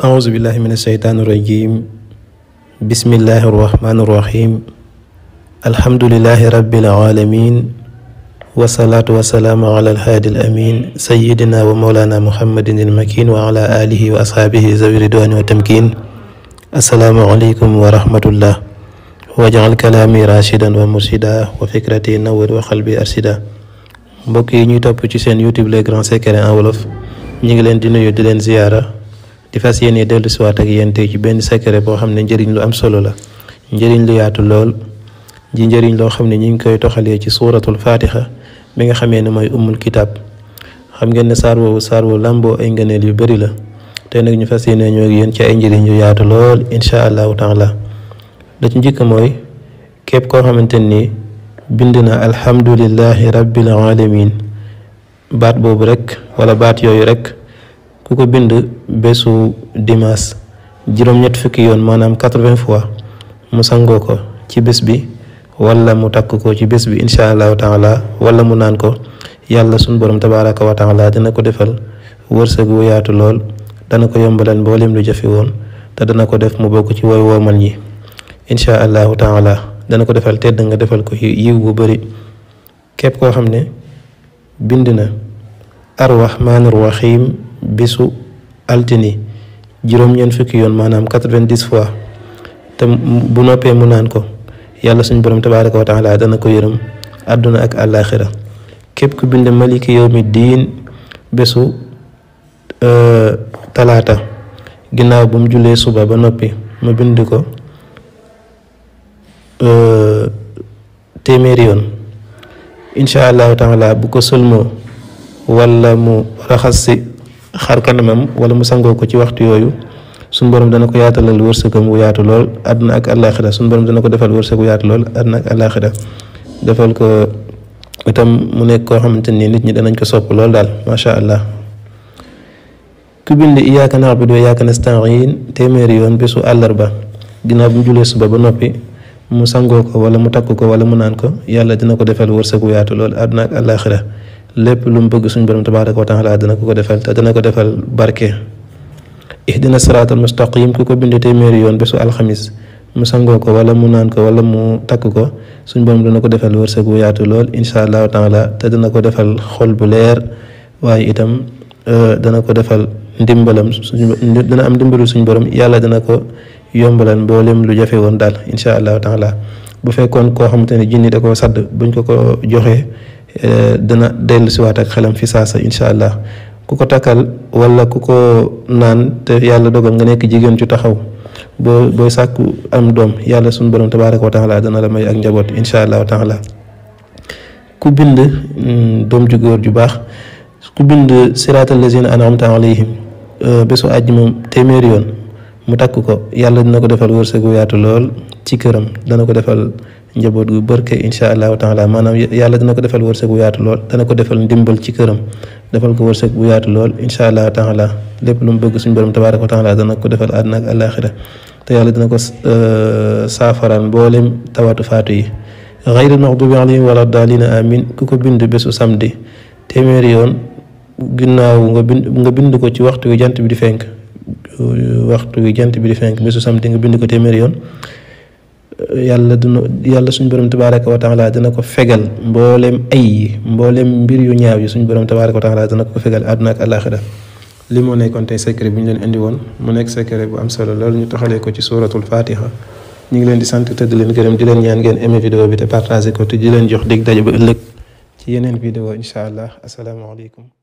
أعوذ بالله من الشيطان الرجيم بسم الله الرحمن الرحيم الحمد لله رب العالمين والصلاة والسلام على الهادي الأمين سيدنا ومولانا محمد المكين وعلى آله وأصحابه ذوي الرضوان والتمكين السلام عليكم ورحمة الله واجعل كلامي راشدا ومرشدا وفكرتي نور وقلبي أرشدا بوكي yi ñuy topp ci seen YouTube les grands secrets en wolof ñi دي leen di di fas ci wat ak yéen tey ci ben secret bo xamne ne lu am solo la njëriñ lu yaatu lol ji njëriñ lo xamne ne ñi ngi koy toxale ci suratul fatiha bi nga xamé ne moy umul kitab xam ngeen ne sar wo sar wo lambo ay ngeenel yu bari la te nak ñu fas yene ñoo ak yéen ci ay njëriñ yu yaatu lol insha allah taala da ci njëkk moy kep ko xamanteni bindina alhamdulillahi rabbil alamin bat bobu rek wala bat yoyu rek. ku ko bind bésu dimaas juróom-ñett fukki yoon maanaam quatre-vingts fois mu sangoo ko ci bés bi wala mu takk ko ci bés bi incha allahu taala wala mu naan ko yàlla sunu borom tabaaraka wa taala dina ko defal wërsëg wu yaatu lool dana ko yombalal mboolem lu jafe woon te dana ko def mu bokk ci woy woomal yi incha allahu taala dana ko defal tedd nga defal ko yiw bu bari képp koo xam ne bind na arrahmaanir bisu altini juroom ñen fukki yoon manam 90 fois te bu noppé mu naan ko yàlla suñu borom tabaaraku wa taala dana ko yërëm aduna ak al-akhirah kep ku bind maliki yawmi din bésu talata ginaaw bu mu jullee suba ba noppi mu bind ko téeméeri yoon incha allahu taala bu ko sulmo wala mu raxasi xar kanamam wala mu sangoo ko ci waxtu yooyu suñu borom dana ko yaatalal wërsëgam wu yaatu lool àdduna ak àllaaxira suñu borom dana ko defal wërsëg wu yaatu lool àdduna ak àllaaxira defal ko itam mu nekk koo xamante ni nit ñi danañ ko sopp lool daal macha allah. ku bind iyaaka na'budu wa iyaaka nasta'iin téeméeri yoon bésu àllarba ginnaaw bu mu julee suba ba noppi mu sangoo ko wala mu takk ko wala mu naan ko yàlla dina ko defal wërsëg wu yaatu lool àdduna ak àllaaxira lépp lu mu bëgg suñu borom tabaaraka wa taala dana ko ko defal te dana ko defal barke ihdina siraatal mustaqim ku ko bind téeméeri yoon bésu alxamis mu sangoo ko wala mu naan ko wala mu takk ko suñu borom dana ko defal wërsëg bu yaatu lool insha allahu taala te dana ko defal xol bu leer waaye itam euh, dana ko defal ndimbalam suñu dana am ndimbalu suñu borom yàlla dana ko yombalal mboolem lu jafe woon daal insha allahu taala bu fekkoon koo xamante ne jinni da koo sadd buñ ko ko joxee Euh, dana dellu siwaat ak xelam fi saasa incha allah ku ko takkal wala ku ko naan te yàlla dogal nga nekk jigéen ju taxaw boo booy sàkk am doom yàlla suñu borom tabaaraka wa taala dana la may ak njaboot incha allah wa taala ku bind mm, doom ju góor ju baax ku bind siraatal lazina an'amta alayhim euh, bésu àjjuma téeméeri yoon mu takk ko yàlla dina ko defal wërsëgu yaatu lool ci këram dana ko defal njaboot gu barke incha allahu taala maanaam yàlla dina ko defal wërsëg bu yaatu lool dana ko defal ndimbal ci këram defal ko wërsëg bu yaatu lool incha allahu taala lépp lu mu bëgg suñu borom tabaaraka wa taala dana ko defal àdduna ak alaaxira te yàlla dina ko euh, saafaraan mboolem tawatu faatu yi xayril maxdubi alayhim wala daalina amin ku ko bind bésu samedi téeméeri yoon ginnaaw nga bind nga bind ko ci waxtu wi jant bi di fenk waxtu wi jant bi di fenk bésu samedi nga bind ko téeméeri yoon yàlla dina yàlla suñ borom tabaraka wa taala dina ko fegal mbooleem ay yi mbooleem mbir yu ñaaw yi suñ borom tabaraka wa taala dina ko fegal àdduna ak àllaaxira li moo nekkoon tey secret bi ñu leen indi woon mu nekk secret bu am solo loolu ñu taxalee ko ci suuratul fatiha ñu ngi leen di sant te di leen gërëm di leen ñaan ngeen aimé vidéo bi te partagé ko te di leen jox dig daje ba ëllëg ci yeneen vidéo incha allah asalaamaaleykum